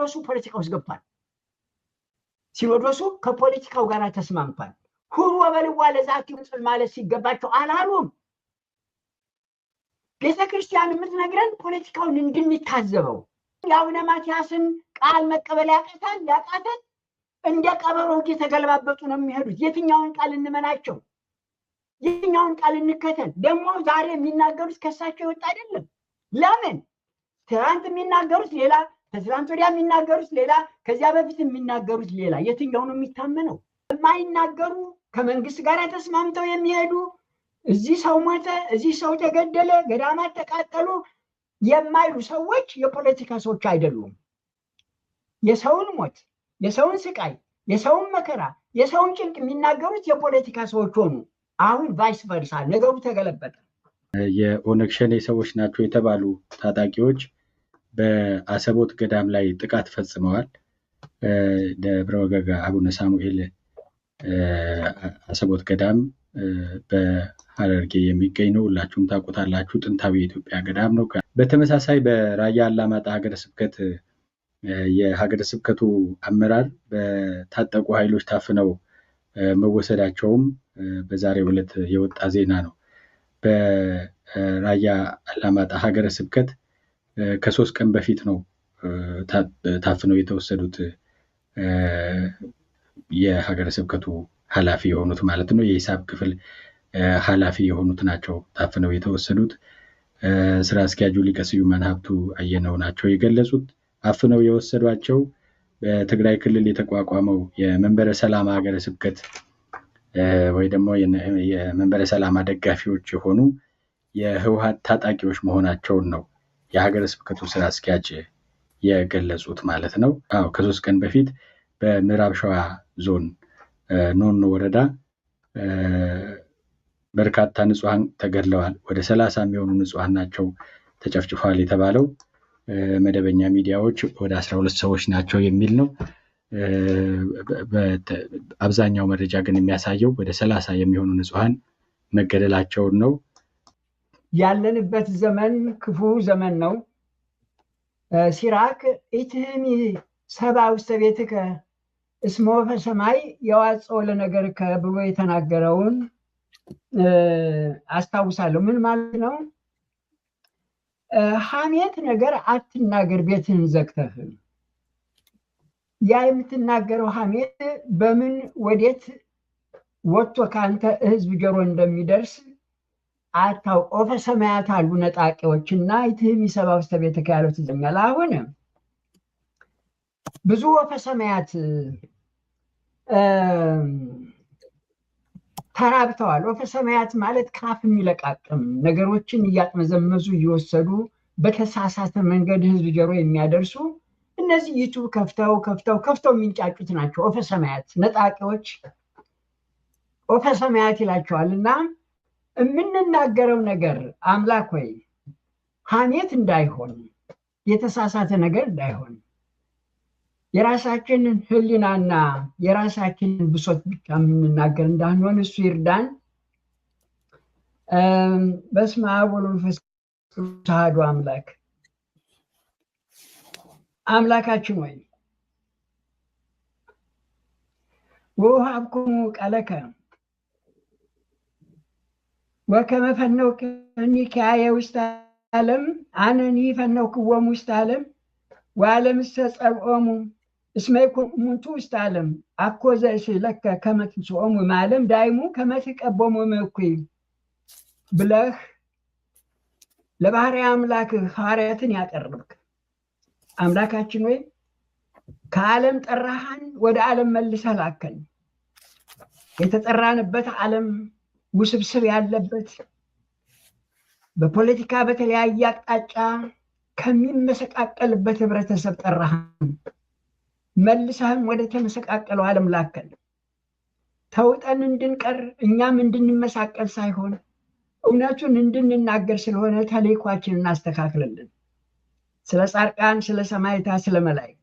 ሲኖዶሱ ፖለቲካ ውስጥ ገብቷል። ሲኖዶሱ ከፖለቲካው ጋር ተስማምቷል። ሁሩ ወበልዋ ለዛቲ ውፅል ማለት ሲገባቸው አላሉም። ቤተ ክርስቲያን የምትነግረን ፖለቲካውን እንድንታዘበው የአቡነ ማትያስን ቃል መቀበል ያቀታል ያቃተን እንደ ቀበሮ እየተገለባበጡ ነው የሚሄዱት። የትኛውን ቃል እንመናቸው? የትኛውን ቃል እንከተል? ደግሞ ዛሬ የሚናገሩት ከሳቸው የወጣ አይደለም። ለምን ትናንት የሚናገሩት ሌላ ከትናንት ወዲያ የሚናገሩት ሌላ፣ ከዚያ በፊት የሚናገሩት ሌላ። የትኛው ነው የሚታመነው? የማይናገሩ ከመንግስት ጋር ተስማምተው የሚሄዱ እዚህ ሰው ሞተ፣ እዚህ ሰው ተገደለ፣ ገዳማት ተቃጠሉ የማይሉ ሰዎች የፖለቲካ ሰዎች አይደሉም። የሰውን ሞት፣ የሰውን ስቃይ፣ የሰውን መከራ፣ የሰውን ጭንቅ የሚናገሩት የፖለቲካ ሰዎች ሆኑ። አሁን ቫይስ ቨርሳ ነገሩ ተገለበጠ። የኦነግ ሸኔ ሰዎች ናቸው የተባሉ ታጣቂዎች በአሰቦት ገዳም ላይ ጥቃት ፈጽመዋል። ደብረ ወገግ አቡነ ሳሙኤል አሰቦት ገዳም በሀረርጌ የሚገኝ ነው። ሁላችሁም ታውቁታላችሁ። ጥንታዊ የኢትዮጵያ ገዳም ነው። በተመሳሳይ በራያ አላማጣ ሀገረ ስብከት የሀገረ ስብከቱ አመራር በታጠቁ ኃይሎች ታፍነው መወሰዳቸውም በዛሬው ዕለት የወጣ ዜና ነው። በራያ አላማጣ ሀገረ ስብከት ከሶስት ቀን በፊት ነው ታፍነው የተወሰዱት የሀገረ ስብከቱ ኃላፊ የሆኑት ማለት ነው። የሂሳብ ክፍል ኃላፊ የሆኑት ናቸው ታፍነው የተወሰዱት። ስራ አስኪያጁ ሊቀ ስዩማን ሀብቱ አየነው ናቸው የገለጹት። አፍነው የወሰዷቸው በትግራይ ክልል የተቋቋመው የመንበረ ሰላማ ሀገረ ስብከት ወይ ደግሞ የመንበረ ሰላማ ደጋፊዎች የሆኑ የህወሀት ታጣቂዎች መሆናቸውን ነው የሀገረ ስብከቱ ስራ አስኪያጅ የገለጹት ማለት ነው። አዎ ከሶስት ቀን በፊት በምዕራብ ሸዋ ዞን ኖኖ ወረዳ በርካታ ንጹሐን ተገድለዋል፣ ወደ ሰላሳ የሚሆኑ ንጹሐን ናቸው ተጨፍጭፏል የተባለው መደበኛ ሚዲያዎች ወደ አስራ ሁለት ሰዎች ናቸው የሚል ነው። አብዛኛው መረጃ ግን የሚያሳየው ወደ ሰላሳ የሚሆኑ ንጹሐን መገደላቸውን ነው። ያለንበት ዘመን ክፉ ዘመን ነው። ሲራክ ኢትህሚ ሰብእ ውስተ ቤትከ እስሞ ሰማይ የዋጸው ለነገር ከብሎ የተናገረውን አስታውሳለሁ። ምን ማለት ነው? ሐሜት ነገር አትናገር ቤትህን ዘግተህ። ያ የምትናገረው ሐሜት በምን ወዴት ወጥቶ ከአንተ ህዝብ ጆሮ እንደሚደርስ አታው ኦፈ ሰማያት አሉ ነጣቂዎችና ይትህቢ ሰብአ ውስተ ቤተ ያለው ትዘኛል። አሁን ብዙ ወፈ ሰማያት ተራብተዋል። ወፈ ሰማያት ማለት ካፍ የሚለቃቅም ነገሮችን እያጥመዘመዙ እየወሰዱ በተሳሳተ መንገድ ህዝብ ጀሮ የሚያደርሱ እነዚህ ዩቱብ ከፍተው ከፍተው ከፍተው የሚንጫጩት ናቸው። ወፈ ሰማያት ነጣቂዎች ወፈ ሰማያት ይላቸዋል እና የምንናገረው ነገር አምላክ ወይ ሀሜት እንዳይሆን የተሳሳተ ነገር እንዳይሆን የራሳችንን ሕሊናና የራሳችንን ብሶት ብቻ የምንናገር እንዳንሆን እሱ ይርዳን። በስመ አብ ወመንፈስ ቅዱስ አሐዱ አምላክ። አምላካችን ወይ ወውሃብኩሙ ቃለከ ወከመ ፈነውከኒ ከያየ ውስጥ ዓለም አነኒ ፈነውክዎሙ ውስጥ ዓለም ወዓለም እስተጸብኦሙ እስመ ይኩሙንቱ ውስጥ ዓለም አኮ ዘእስእለከ ከመ ትንስኦሙ እምዓለም ዳይሙ ከመ ትቀቦሙ እምእኩይ ብለህ ለባህርይ አምላክህ ሐዋርያትን ያቀርብክ አምላካችን ወይ ከዓለም ጠራሃን፣ ወደ ዓለም መልሰህ ላከን። የተጠራንበት ዓለም ውስብስብ ያለበት በፖለቲካ በተለያየ አቅጣጫ ከሚመሰቃቀልበት ህብረተሰብ ጠራህን፣ መልሰህም ወደ ተመሰቃቀለው ዓለም ተውጠን እንድንቀር እኛም እንድንመሳቀል ሳይሆን እውነቱን እንድንናገር ስለሆነ ተልዕኳችንን እናስተካክልልን። ስለ ጻድቃን፣ ስለ ሰማዕታት፣ ስለ መላእክት፣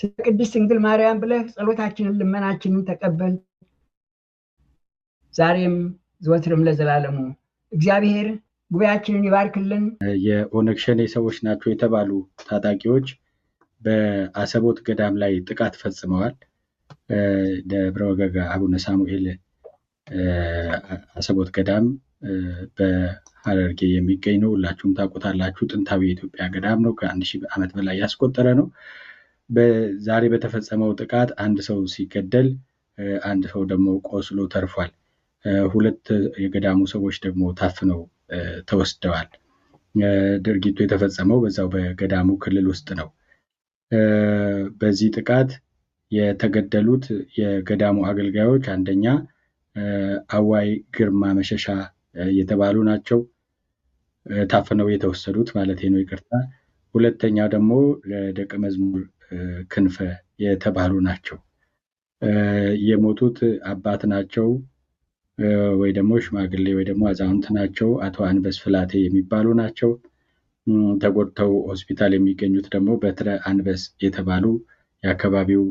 ስለ ቅድስት ድንግል ማርያም ብለህ ጸሎታችንን ልመናችንን ተቀበል ዛሬም ዘወትርም ለዘላለሙ እግዚአብሔር ጉባኤያችንን ይባርክልን። የኦነግ ሸኔ ሰዎች ናቸው የተባሉ ታጣቂዎች በአሰቦት ገዳም ላይ ጥቃት ፈጽመዋል። ደብረ ወገግ አቡነ ሳሙኤል አሰቦት ገዳም በሀረርጌ የሚገኝ ነው። ሁላችሁም ታውቁታላችሁ። ጥንታዊ የኢትዮጵያ ገዳም ነው። ከአንድ ሺህ ዓመት በላይ ያስቆጠረ ነው። ዛሬ በተፈጸመው ጥቃት አንድ ሰው ሲገደል፣ አንድ ሰው ደግሞ ቆስሎ ተርፏል። ሁለት የገዳሙ ሰዎች ደግሞ ታፍነው ተወስደዋል። ድርጊቱ የተፈጸመው በዛው በገዳሙ ክልል ውስጥ ነው። በዚህ ጥቃት የተገደሉት የገዳሙ አገልጋዮች አንደኛ አዋይ ግርማ መሸሻ የተባሉ ናቸው፣ ታፍነው የተወሰዱት ማለት ነው። ይቅርታ። ሁለተኛ ደግሞ ደቀ መዝሙር ክንፈ የተባሉ ናቸው። የሞቱት አባት ናቸው። ወይ ደግሞ ሽማግሌ ወይ ደግሞ አዛውንት ናቸው። አቶ አንበስ ፍላቴ የሚባሉ ናቸው። ተጎድተው ሆስፒታል የሚገኙት ደግሞ በትረ አንበስ የተባሉ የአካባቢው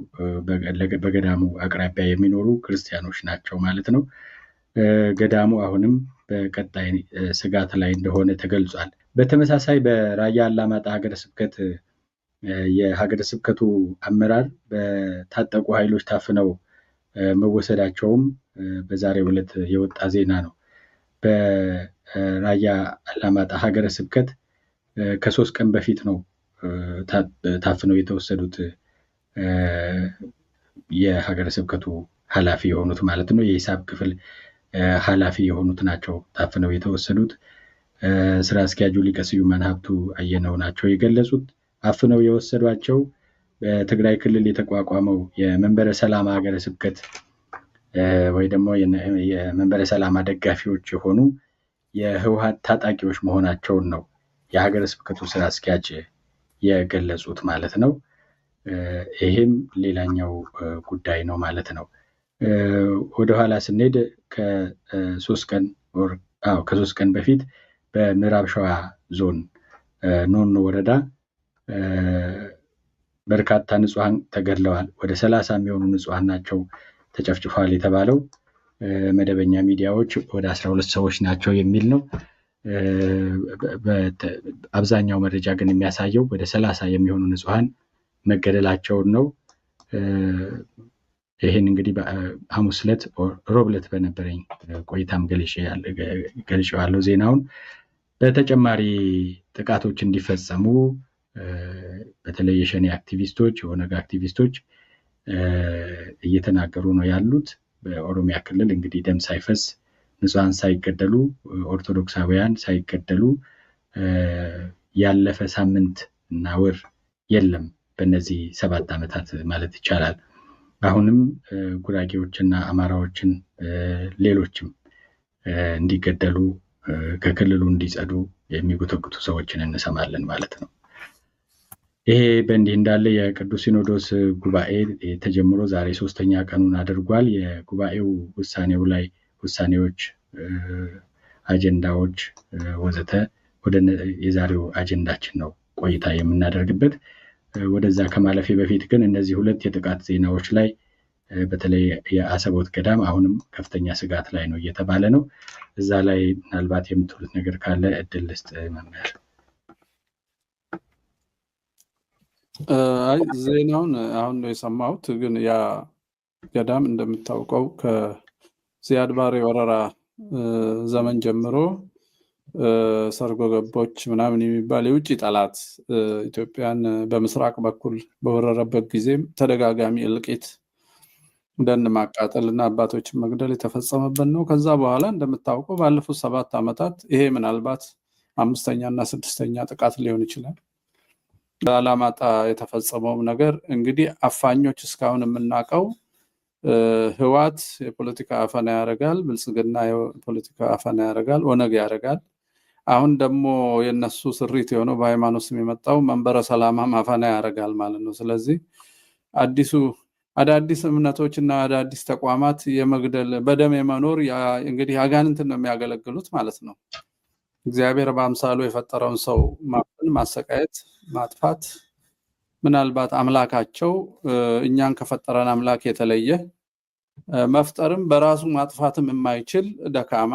በገዳሙ አቅራቢያ የሚኖሩ ክርስቲያኖች ናቸው ማለት ነው። ገዳሙ አሁንም በቀጣይ ስጋት ላይ እንደሆነ ተገልጿል። በተመሳሳይ በራያ አላማጣ ሀገረ ስብከት የሀገረ ስብከቱ አመራር በታጠቁ ኃይሎች ታፍነው መወሰዳቸውም በዛሬው ዕለት የወጣ ዜና ነው። በራያ አላማጣ ሀገረ ስብከት ከሶስት ቀን በፊት ነው ታፍነው የተወሰዱት የሀገረ ስብከቱ ኃላፊ የሆኑት ማለት ነው። የሂሳብ ክፍል ኃላፊ የሆኑት ናቸው ታፍነው የተወሰዱት። ስራ አስኪያጁ ሊቀ ስዩማን ሀብቱ አየነው ናቸው የገለጹት። አፍነው የወሰዷቸው በትግራይ ክልል የተቋቋመው የመንበረ ሰላም ሀገረ ስብከት ወይ ደግሞ የመንበረ ሰላማ ደጋፊዎች የሆኑ የህወሀት ታጣቂዎች መሆናቸውን ነው የሀገረ ስብከቱ ስራ አስኪያጅ የገለጹት ማለት ነው። ይሄም ሌላኛው ጉዳይ ነው ማለት ነው። ወደኋላ ስንሄድ ከሶስት ቀን ከሶስት ቀን በፊት በምዕራብ ሸዋ ዞን ኖኖ ወረዳ በርካታ ንጹሐን ተገድለዋል። ወደ ሰላሳ የሚሆኑ ንጹሐን ናቸው ተጨፍጭፏል የተባለው መደበኛ ሚዲያዎች ወደ አስራ ሁለት ሰዎች ናቸው የሚል ነው። አብዛኛው መረጃ ግን የሚያሳየው ወደ ሰላሳ የሚሆኑ ንጹሐን መገደላቸውን ነው። ይህን እንግዲህ ሐሙስ ዕለት ሮብ ዕለት በነበረኝ ቆይታም ገልጬዋለሁ ዜናውን። በተጨማሪ ጥቃቶች እንዲፈጸሙ በተለይ የሸኔ አክቲቪስቶች የኦነግ አክቲቪስቶች እየተናገሩ ነው ያሉት። በኦሮሚያ ክልል እንግዲህ ደም ሳይፈስ ንጹሐን ሳይገደሉ ኦርቶዶክሳውያን ሳይገደሉ ያለፈ ሳምንት እና ወር የለም በእነዚህ ሰባት ዓመታት ማለት ይቻላል። አሁንም ጉራጌዎችና አማራዎችን ሌሎችም እንዲገደሉ ከክልሉ እንዲጸዱ የሚጎተጉቱ ሰዎችን እንሰማለን ማለት ነው። ይሄ በእንዲህ እንዳለ የቅዱስ ሲኖዶስ ጉባኤ ተጀምሮ ዛሬ ሶስተኛ ቀኑን አድርጓል። የጉባኤው ውሳኔው ላይ ውሳኔዎች፣ አጀንዳዎች ወዘተ ወደ የዛሬው አጀንዳችን ነው ቆይታ የምናደርግበት። ወደዛ ከማለፌ በፊት ግን እነዚህ ሁለት የጥቃት ዜናዎች ላይ በተለይ የአሰቦት ገዳም አሁንም ከፍተኛ ስጋት ላይ ነው እየተባለ ነው። እዛ ላይ ምናልባት የምትሉት ነገር ካለ እድል ልስጥ መምህር። አይ ዜናውን አሁን ነው የሰማሁት። ግን ያ ገዳም እንደምታውቀው ከዚያድ ባሬ ወረራ ዘመን ጀምሮ ሰርጎ ገቦች ምናምን የሚባል የውጭ ጠላት ኢትዮጵያን በምስራቅ በኩል በወረረበት ጊዜም ተደጋጋሚ እልቂት፣ ደን ማቃጠል እና አባቶችን መግደል የተፈጸመበት ነው። ከዛ በኋላ እንደምታውቀው ባለፉት ሰባት ዓመታት ይሄ ምናልባት አምስተኛ እና ስድስተኛ ጥቃት ሊሆን ይችላል ለአላማጣ የተፈጸመውም ነገር እንግዲህ አፋኞች እስካሁን የምናውቀው ህዋት የፖለቲካ አፈና ያደርጋል፣ ብልጽግና የፖለቲካ አፈና ያደርጋል፣ ኦነግ ያደርጋል። አሁን ደግሞ የነሱ ስሪት የሆነው በሃይማኖት ስም የመጣው መንበረ ሰላማም አፈና ያደርጋል ማለት ነው። ስለዚህ አዲሱ አዳዲስ እምነቶች እና አዳዲስ ተቋማት የመግደል በደም የመኖር እንግዲህ አጋንንትን ነው የሚያገለግሉት ማለት ነው። እግዚአብሔር በአምሳሉ የፈጠረውን ሰው ማፈን፣ ማሰቃየት፣ ማጥፋት ምናልባት አምላካቸው እኛን ከፈጠረን አምላክ የተለየ መፍጠርም በራሱ ማጥፋትም የማይችል ደካማ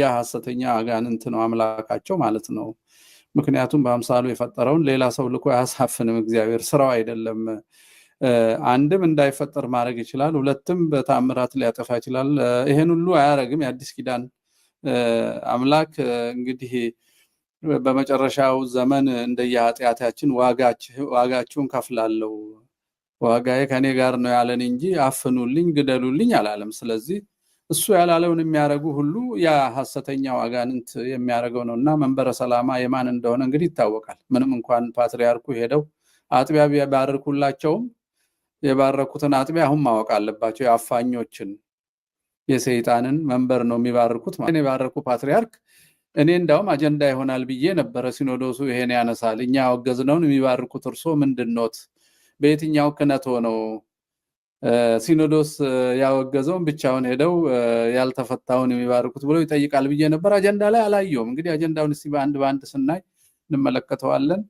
የሐሰተኛ አጋንንት ነው አምላካቸው ማለት ነው። ምክንያቱም በአምሳሉ የፈጠረውን ሌላ ሰው ልኮ አያሳፍንም። እግዚአብሔር ስራው አይደለም። አንድም እንዳይፈጠር ማድረግ ይችላል፣ ሁለትም በተአምራት ሊያጠፋ ይችላል። ይሄን ሁሉ አያረግም። የአዲስ ኪዳን አምላክ እንግዲህ በመጨረሻው ዘመን እንደየ ኃጢአታችን ዋጋችሁን ከፍላለው ዋጋዬ ከኔ ጋር ነው ያለን እንጂ አፍኑልኝ፣ ግደሉልኝ አላለም። ስለዚህ እሱ ያላለውን የሚያደርጉ ሁሉ ያ ሐሰተኛ ዋጋንንት የሚያደርገው ነው እና መንበረ ሰላማ የማን እንደሆነ እንግዲህ ይታወቃል። ምንም እንኳን ፓትርያርኩ ሄደው አጥቢያ ቢባርኩላቸውም የባረኩትን አጥቢያ አሁን ማወቅ አለባቸው፣ የአፋኞችን የሰይጣንን መንበር ነው የሚባርኩት። የባረኩ ፓትሪያርክ እኔ እንዳውም አጀንዳ ይሆናል ብዬ ነበረ። ሲኖዶሱ ይሄን ያነሳል። እኛ ያወገዝነውን የሚባርኩት እርሶ ምንድኖት? በየትኛው ክነት ሆነው ሲኖዶስ ያወገዘውን ብቻውን ሄደው ያልተፈታውን የሚባርኩት ብሎ ይጠይቃል ብዬ ነበር። አጀንዳ ላይ አላየውም። እንግዲህ አጀንዳውን እስቲ በአንድ በአንድ ስናይ እንመለከተዋለን።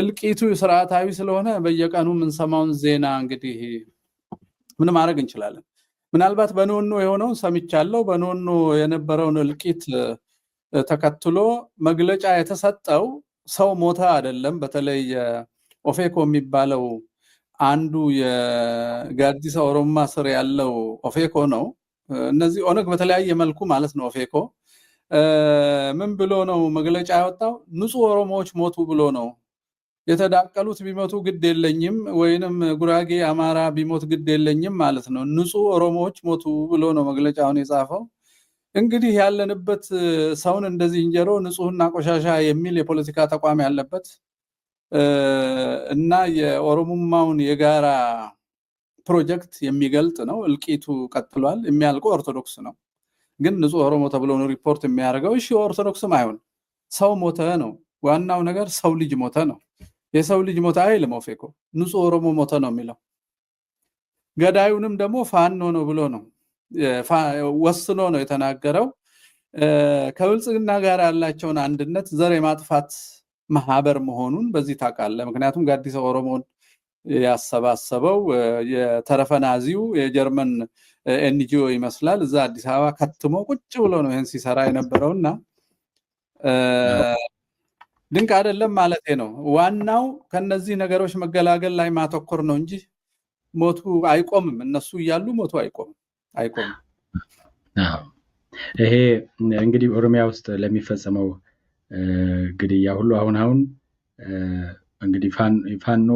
እልቂቱ ስርዓታዊ ስለሆነ በየቀኑ የምንሰማውን ዜና እንግዲህ ምን ማድረግ እንችላለን? ምናልባት በኖኖ የሆነውን ሰምቻለሁ። በኖኖ የነበረውን እልቂት ተከትሎ መግለጫ የተሰጠው ሰው ሞተ አይደለም። በተለይ ኦፌኮ የሚባለው አንዱ የጋዲሳ ኦሮማ ስር ያለው ኦፌኮ ነው። እነዚህ ኦነግ በተለያየ መልኩ ማለት ነው። ኦፌኮ ምን ብሎ ነው መግለጫ ያወጣው? ንጹህ ኦሮሞዎች ሞቱ ብሎ ነው የተዳቀሉት ቢመቱ ግድ የለኝም ወይንም ጉራጌ አማራ ቢሞት ግድ የለኝም ማለት ነው። ንጹህ ኦሮሞዎች ሞቱ ብሎ ነው መግለጫውን የጻፈው። እንግዲህ ያለንበት ሰውን እንደዚህ እንጀሮ ንጹህና ቆሻሻ የሚል የፖለቲካ ተቋም ያለበት እና የኦሮሙማውን የጋራ ፕሮጀክት የሚገልጥ ነው። እልቂቱ ቀጥሏል። የሚያልቀው ኦርቶዶክስ ነው። ግን ንጹህ ኦሮሞ ተብሎ ነው ሪፖርት የሚያደርገው። እሺ ኦርቶዶክስም አይሆን ሰው ሞተ ነው ዋናው ነገር፣ ሰው ልጅ ሞተ ነው። የሰው ልጅ ሞተ አይልም። ኦፌ ንጹህ ኦሮሞ ሞተ ነው የሚለው። ገዳዩንም ደግሞ ፋኖ ነው ብሎ ነው ወስኖ ነው የተናገረው። ከብልጽግና ጋር ያላቸውን አንድነት ዘር የማጥፋት ማህበር መሆኑን በዚህ ታውቃለህ። ምክንያቱም ጋዲሰ ኦሮሞን ያሰባሰበው የተረፈናዚው የጀርመን ኤንጂኦ ይመስላል። እዛ አዲስ አበባ ከትሞ ቁጭ ብሎ ነው ይህን ሲሰራ የነበረውና ድንቅ አይደለም ማለቴ ነው። ዋናው ከነዚህ ነገሮች መገላገል ላይ ማተኮር ነው እንጂ ሞቱ አይቆምም። እነሱ እያሉ ሞቱ አይቆምም አይቆምም። ይሄ እንግዲህ ኦሮሚያ ውስጥ ለሚፈጸመው ግድያ ሁሉ አሁን አሁን እንግዲህ ፋኖ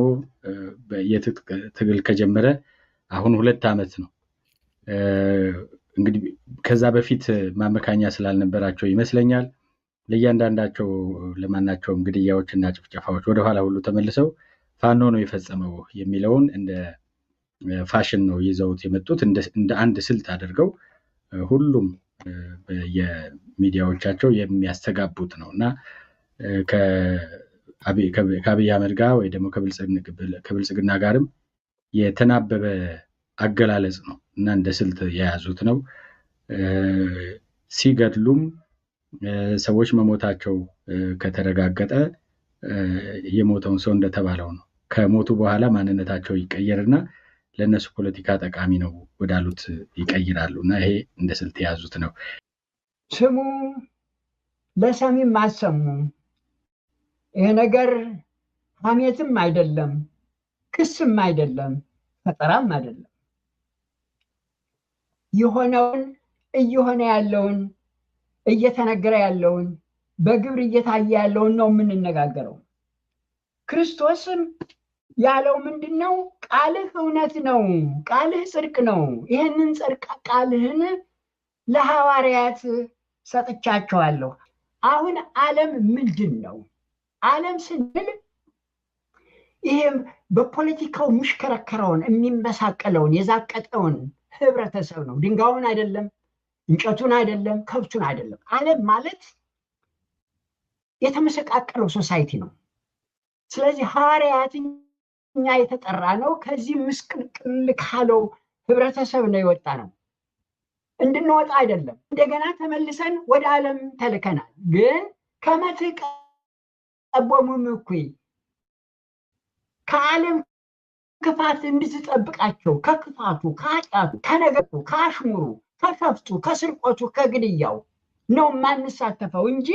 የትጥቅ ትግል ከጀመረ አሁን ሁለት ዓመት ነው። እንግዲህ ከዛ በፊት ማመካኛ ስላልነበራቸው ይመስለኛል ለእያንዳንዳቸው ለማናቸውም ግድያዎች እና ጭፍጨፋዎች ወደኋላ ሁሉ ተመልሰው ፋኖ ነው የፈጸመው የሚለውን እንደ ፋሽን ነው ይዘውት የመጡት እንደ አንድ ስልት አድርገው ሁሉም የሚዲያዎቻቸው የሚያስተጋቡት ነው እና ከአብይ አህመድ ጋር ወይ ደግሞ ከብልጽግና ጋርም የተናበበ አገላለጽ ነው እና እንደ ስልት የያዙት ነው ሲገድሉም ሰዎች መሞታቸው ከተረጋገጠ የሞተውን ሰው እንደተባለው ነው። ከሞቱ በኋላ ማንነታቸው ይቀየርና ለእነሱ ፖለቲካ ጠቃሚ ነው ወዳሉት ይቀይራሉ። እና ይሄ እንደ ስልት የያዙት ነው። ስሙ ለሰሚም አሰሙም ይሄ ነገር ሐሜትም አይደለም፣ ክስም አይደለም፣ ፈጠራም አይደለም። የሆነውን እየሆነ ያለውን እየተነገረ ያለውን በግብር እየታየ ያለውን ነው የምንነጋገረው። ክርስቶስም ያለው ምንድን ነው? ቃልህ እውነት ነው፣ ቃልህ ጽድቅ ነው። ይህንን ጽድቅ ቃልህን ለሐዋርያት ሰጥቻቸዋለሁ። አሁን ዓለም ምንድን ነው? ዓለም ስንል ይህም በፖለቲካው የሚሽከረከረውን የሚመሳቀለውን የዛቀጠውን ህብረተሰብ ነው። ድንጋዩን አይደለም እንጨቱን አይደለም፣ ከብቱን አይደለም። ዓለም ማለት የተመሰቃቀለው ሶሳይቲ ነው። ስለዚህ ሐዋርያት እኛ የተጠራ ነው ከዚህ ምስቅልቅል ካለው ህብረተሰብ ነው የወጣ ነው። እንድንወጣ አይደለም። እንደገና ተመልሰን ወደ ዓለም ተልከናል። ግን ከመትህ ቀቦሙም እኩይ ከዓለም ክፋት እንድትጠብቃቸው ከክፋቱ፣ ከኃጢአቱ፣ ከነገሩ፣ ከአሽሙሩ ከከብቱ ከስርቆቱ ከግድያው ነው የማንሳተፈው እንጂ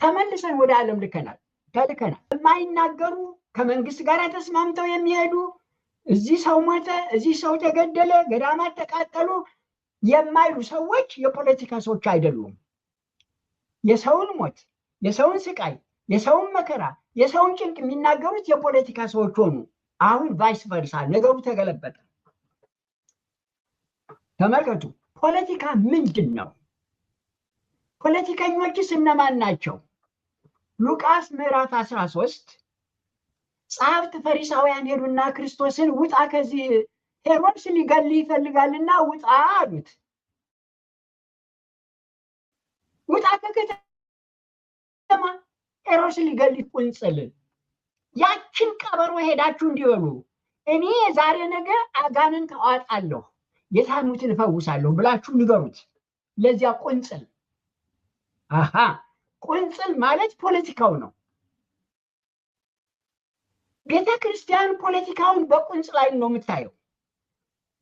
ተመልሰን ወደ ዓለም ልከናል ተልከናል። የማይናገሩ ከመንግስት ጋር ተስማምተው የሚሄዱ እዚህ ሰው ሞተ፣ እዚህ ሰው ተገደለ፣ ገዳማት ተቃጠሉ የማይሉ ሰዎች የፖለቲካ ሰዎች አይደሉም። የሰውን ሞት፣ የሰውን ስቃይ፣ የሰውን መከራ፣ የሰውን ጭንቅ የሚናገሩት የፖለቲካ ሰዎች ሆኑ። አሁን ቫይስ ቨርሳ ነገሩ ተገለበጠ። ተመልከቱ። ፖለቲካ ምንድን ነው? ፖለቲከኞችስ እነማን ናቸው? ሉቃስ ምዕራፍ 13 ጸሐፍት ፈሪሳውያን ሄዱና ክርስቶስን ውጣ ከዚህ ሄሮድስ ሊገል ይፈልጋልና ውጣ አሉት። ውጣ ከከተማ ሄሮድስ ሊገል ቁንጽል ያችን ቀበሮ ሄዳችሁ እንዲበሉ እኔ ዛሬ ነገ አጋንን ተዋጣለሁ የሳሙትን እፈውሳለሁ ብላችሁ ንገሩት። ለዚያ ቁንጽል አሀ ቁንጽል ማለት ፖለቲካው ነው። ቤተ ክርስቲያን ፖለቲካውን በቁንጽ ላይ ነው የምታየው።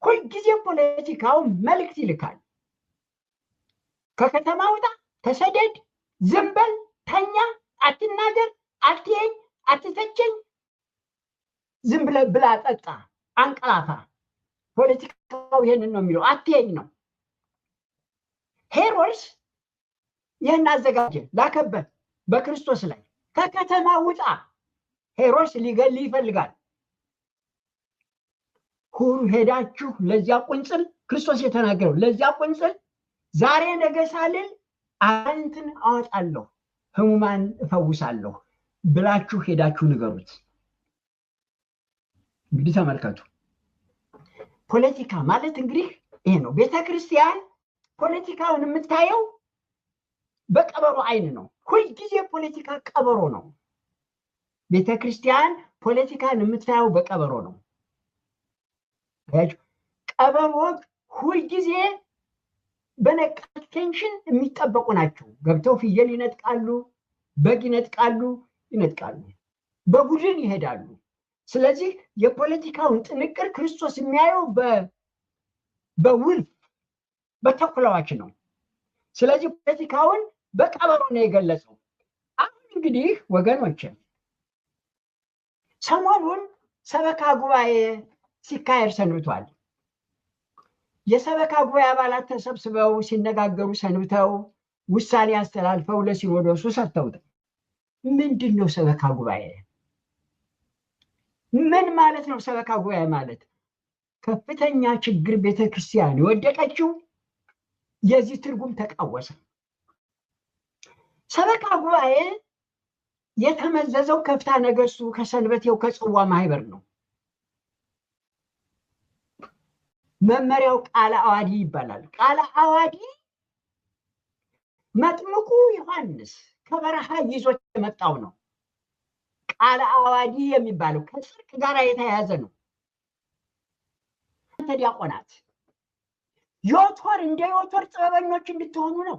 ሁልጊዜ ፖለቲካው መልእክት ይልካል። ከከተማ ውጣ፣ ተሰደድ፣ ዝንበል ተኛ፣ አትናገር፣ አትየኝ፣ አትተቸኝ፣ ዝም ብላ፣ ጠጣ፣ አንቀላፋ ፖለቲካው ይህንን ነው የሚለው አቴኝ ነው። ሄሮድስ ይህን አዘጋጀ፣ ላከበት በክርስቶስ ላይ ከከተማ ውጣ፣ ሄሮድስ ሊገል ይፈልጋል። ሁሉ ሄዳችሁ ለዚያ ቁንጽል፣ ክርስቶስ የተናገረው ለዚያ ቁንጽል ዛሬ ነገ ሳልል አንትን አወጣለሁ፣ ህሙማን እፈውሳለሁ ብላችሁ ሄዳችሁ ንገሩት። እንግዲህ ተመልከቱ። ፖለቲካ ማለት እንግዲህ ይሄ ነው። ቤተ ክርስቲያን ፖለቲካውን የምታየው በቀበሮ አይን ነው። ሁልጊዜ ፖለቲካ ቀበሮ ነው። ቤተ ክርስቲያን ፖለቲካን የምታየው በቀበሮ ነው። ቀበሮ ሁልጊዜ በነቃት ቴንሽን የሚጠበቁ ናቸው። ገብተው ፍየል ይነጥቃሉ፣ በግ ይነጥቃሉ፣ ይነጥቃሉ፣ በቡድን ይሄዳሉ። ስለዚህ የፖለቲካውን ጥንቅር ክርስቶስ የሚያየው በውልፍ በተኩላዋች ነው። ስለዚህ ፖለቲካውን በቀበሮ ነው የገለጸው። አሁን እንግዲህ ወገኖች ሰሞኑን ሰበካ ጉባኤ ሲካሄድ ሰንብቷል። የሰበካ ጉባኤ አባላት ተሰብስበው ሲነጋገሩ ሰንብተው ውሳኔ አስተላልፈው ለሲኖዶሱ ሰጥተውታል። ምንድን ነው ሰበካ ጉባኤ? ምን ማለት ነው? ሰበካ ጉባኤ ማለት ከፍተኛ ችግር ቤተክርስቲያን የወደቀችው የዚህ ትርጉም ተቃወሰ። ሰበካ ጉባኤ የተመዘዘው ከፍታ ነገሱ ከሰንበቴው ከጽዋ ማህበር ነው። መመሪያው ቃለ አዋዲ ይባላል። ቃለ አዋዲ መጥምቁ ዮሐንስ ከበረሃ ይዞት የመጣው ነው። ቃለ አዋዲ የሚባለው ከጽድቅ ጋር የተያያዘ ነው። ዲያቆናት ዮቶር እንደ ዮቶር ጥበበኞች እንድትሆኑ ነው።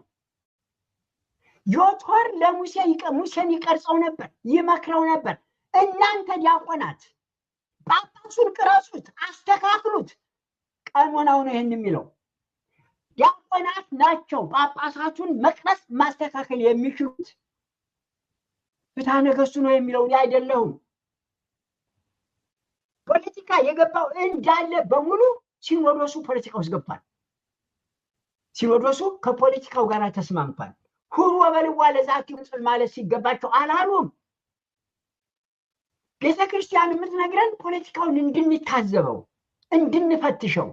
ዮቶር ለሙሴ ሙሴን ይቀርጸው ነበር፣ ይመክረው ነበር። እናንተ ዲያቆናት ጳጳሱን ቅረጹት፣ አስተካክሉት። ቀኖናው ነው ይህን የሚለው ዲያቆናት ናቸው ጳጳሳቱን መቅረጽ ማስተካከል የሚችሉት። ፍትሐ ነገሥቱ ነው የሚለው እኔ አይደለሁም። ፖለቲካ የገባው እንዳለ በሙሉ ሲኖዶሱ ፖለቲካ ውስጥ ገባል። ሲኖዶሱ ከፖለቲካው ጋር ተስማምቷል። ሁሉ ወበልዋ ለዛቲ ውፅል ማለት ሲገባቸው አላሉም። ቤተ ክርስቲያን የምትነግረን ፖለቲካውን እንድንታዘበው፣ እንድንፈትሸው፣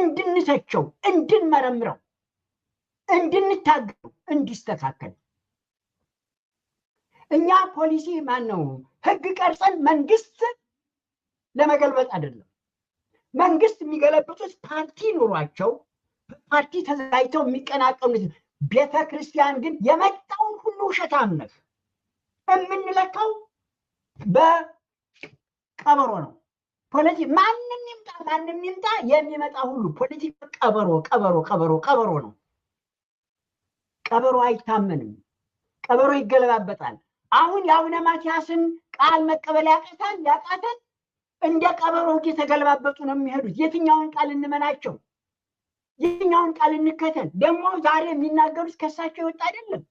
እንድንተቸው፣ እንድንመረምረው፣ እንድንታገሩ፣ እንዲስተካከል እኛ ፖሊሲ ማን ነው ህግ ቀርጸን መንግስት ለመገልበጥ አይደለም። መንግስት የሚገለብጡት ፓርቲ ኑሯቸው ፓርቲ ተዘጋጅተው የሚቀናቀኑት። ቤተ ክርስቲያን ግን የመጣውን ሁሉ ውሸታም ነህ የምንለካው በቀበሮ ነው። ፖለቲ ማንም ይምጣ ማንም ይምጣ የሚመጣ ሁሉ ፖለቲካ ቀበሮ ቀበሮ ቀበሮ ቀበሮ ነው። ቀበሮ አይታመንም። ቀበሮ ይገለባበጣል። አሁን የአቡነ ማትያስን ቃል መቀበል ያቃታል ያቃተን እንደ ቀበሮ እየተገለባበጡ ነው የሚሄዱት። የትኛውን ቃል እንመናቸው? የትኛውን ቃል እንከተል? ደግሞ ዛሬ የሚናገሩት ከሳቸው የወጣ አይደለም።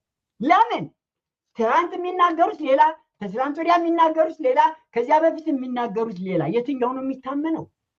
ለምን ትናንት የሚናገሩት ሌላ፣ ከትናንት ወዲያ የሚናገሩት ሌላ፣ ከዚያ በፊት የሚናገሩት ሌላ። የትኛው ነው የሚታመነው?